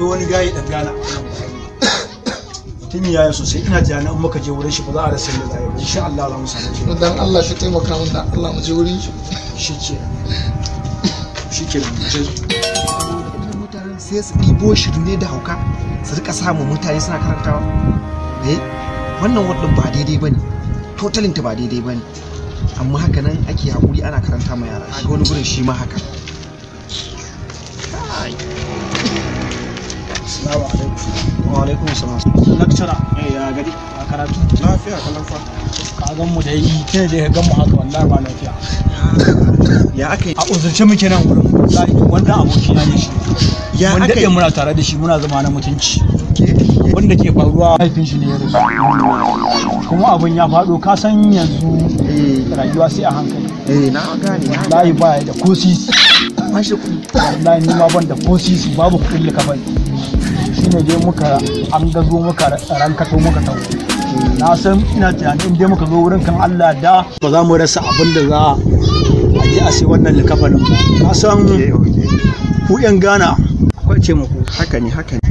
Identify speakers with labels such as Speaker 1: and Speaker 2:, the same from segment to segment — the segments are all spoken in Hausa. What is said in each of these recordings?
Speaker 1: akwai wani gayi dan gana tun yaya sosai ina tunanin in muka je wurin shi ba za a rasa yadda za a yi ba insha Allah za mu samu shi dan Allah shi taimaka mun dan Allah mu je wurin shi shi ke shi ke mu je
Speaker 2: mutanen sai su ɗibo shirme da hauka su rika samun mutane suna karantawa eh wannan wannan ba daidai bane totalin ta ba daidai bane amma haka nan ake hakuri ana karanta ma yara a wani gurin shi ma haka
Speaker 1: Assalamu alaikum. Wa alaikum salam. Lecturer. Eh ya gari. A karatu. Lafiya kalan fa. Ka gan mu da yi tun da ka gan mu haka wallahi ba lafiya. Ya aka yi. A uzurce muke nan gurin. Wallahi wanda aboki na ne shi. Ya aka yi. Wanda muna tare da shi muna zama na mutunci. Wanda ke faruwa haifin shi ne ya rasu. Kuma abin ya faɗo ka san yanzu eh. rayuwa sai a hankali. Eh na gane. Wallahi ba da ko Mashi kuɗi. Wallahi ni ma ban da ko babu kuɗin da ka bani. shine je muka an gazo muka rankato muka tawo na san ina tunanin dai muka zo wurin kan Allah da ba za mu rasa abin da za a je a sai wannan likafanin na san ku yan gana akwai ce muku haka ne haka ne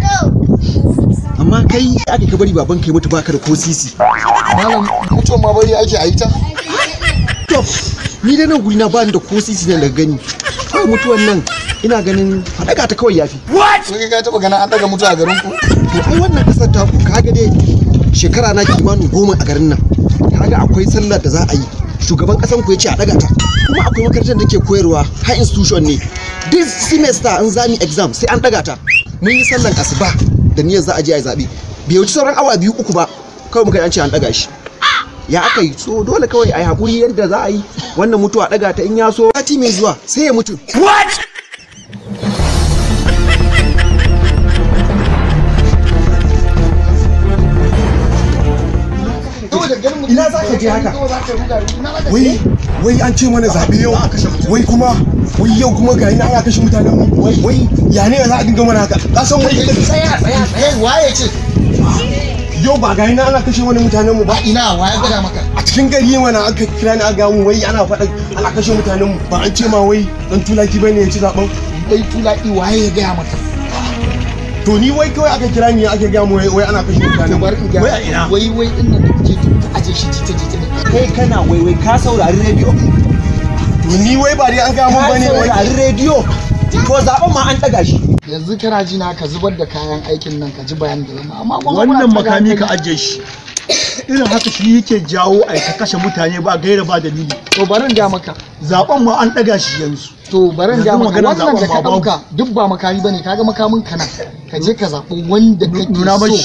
Speaker 1: amma kai aka ka bari baban
Speaker 2: kai mutu baka da ko sisi malam mutuwa ma bari ake a yi ta ni da nan guri na ba ni da ko sisi na daga gani mutuwan nan ina ganin faɗaga ta kawai yafi what kai ka taɓa ganin an daga mutu a garin ku to ai wannan kasar ta ku kaga dai shekara na kimanin goma a garin nan kaga akwai sallar da za a yi shugaban kasan ku ya ce a daga ta kuma akwai makarantar da ke koyarwa high institution ne this semester an zami exam sai an daga ta mun yi sallan asuba da niyyar za a je a zabe bai wuce sauran awa biyu uku ba kawai muka an ce an daga shi ya aka yi so dole kawai a yi hakuri yadda za a yi wannan mutuwa daga ta in ya so sati mai zuwa sai ya mutu what ina za ka je haka wai wai an ce mana zaɓe yau wai kuma wai yau kuma ga ina ana kashe mutanen mu wai ya ne za a dinga mana haka ka san wai tsaya tsaya tsaya waye ce yau ba ga ina ana kashe wani mutanen mu ba ina waye gada maka a cikin gari mana aka kira ni aga mu wai ana faɗa ana kashe mutanen mu ba an ce ma wai dan tulaki bane ya ci zaben dai tulaki waye ya gaya maka to ni wai kawai aka kira ni ake ga mu wai ana kashe mutane bar in ga wai ina
Speaker 3: wai din nan da kake ta aje shi jita jita
Speaker 2: kai kana wai wai ka saurari radio
Speaker 1: to ni wai ba dai an ga
Speaker 2: mun bane wai saurari
Speaker 1: radio ko zaben ma an daga shi yanzu kana ji na ka zubar da kayan aikin nan ka ji bayanin da zama amma wannan makami ka aje shi irin haka shi yake jawo a ka kashe mutane ba gaira ba dalili to barin
Speaker 3: ja maka zaben ma an
Speaker 1: daga shi yanzu to barin ja maka wannan da ka dauka
Speaker 3: duk ba makari bane kaga makamin kana ka je ka zabi wanda kake so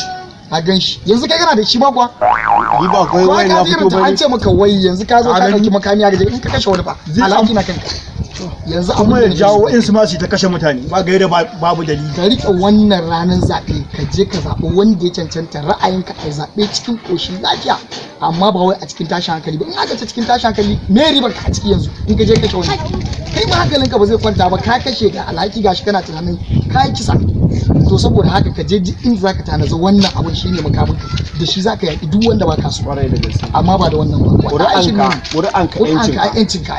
Speaker 3: a gan shi yanzu kai kana da shi ba kuwa ni ba kai wai na fito bane an ce maka wai yanzu ka zo ka dauki makami a gaje in ka kashe wani ba alhaki na kanka
Speaker 1: yanzu kuma ya jawo in su ma su ta kashe mutane ba gaira
Speaker 3: babu dalili ka rike wannan ranar zabe ka je ka zaɓi wanda ya cancanta ra'ayinka a zaɓe cikin ƙoshin lafiya amma ba wai a cikin tashin hankali ba in aka ce cikin tashin hankali me riba ka a ciki yanzu in ka je kashe wani kai ma ka ba zai kwanta ba ka kashe ga alhaki gashi kana tunanin ka kisa to saboda haka ka je inda zaka tanaza wannan abin shine makamin ka da shi zaka yaki duk wanda ba ka so kwarai da gaske amma ba da wannan ba ƙuri'anka ƙuri'anka yancin ƴancinka.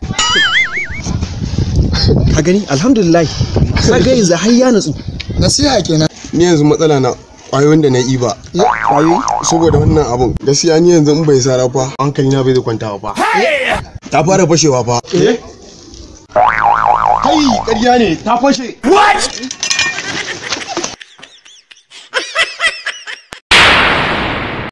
Speaker 2: ka gani alhamdulillah sai ga yanzu har ya nutsu nasiha kenan ni yanzu matsala na kwayoyin da na yi ba kwayoyi saboda wannan abun gaskiya ni yanzu in bai sara fa hankali na bai zai kwanta ba ta fara fashewa
Speaker 1: fa eh kai ƙarya ne ta fashe what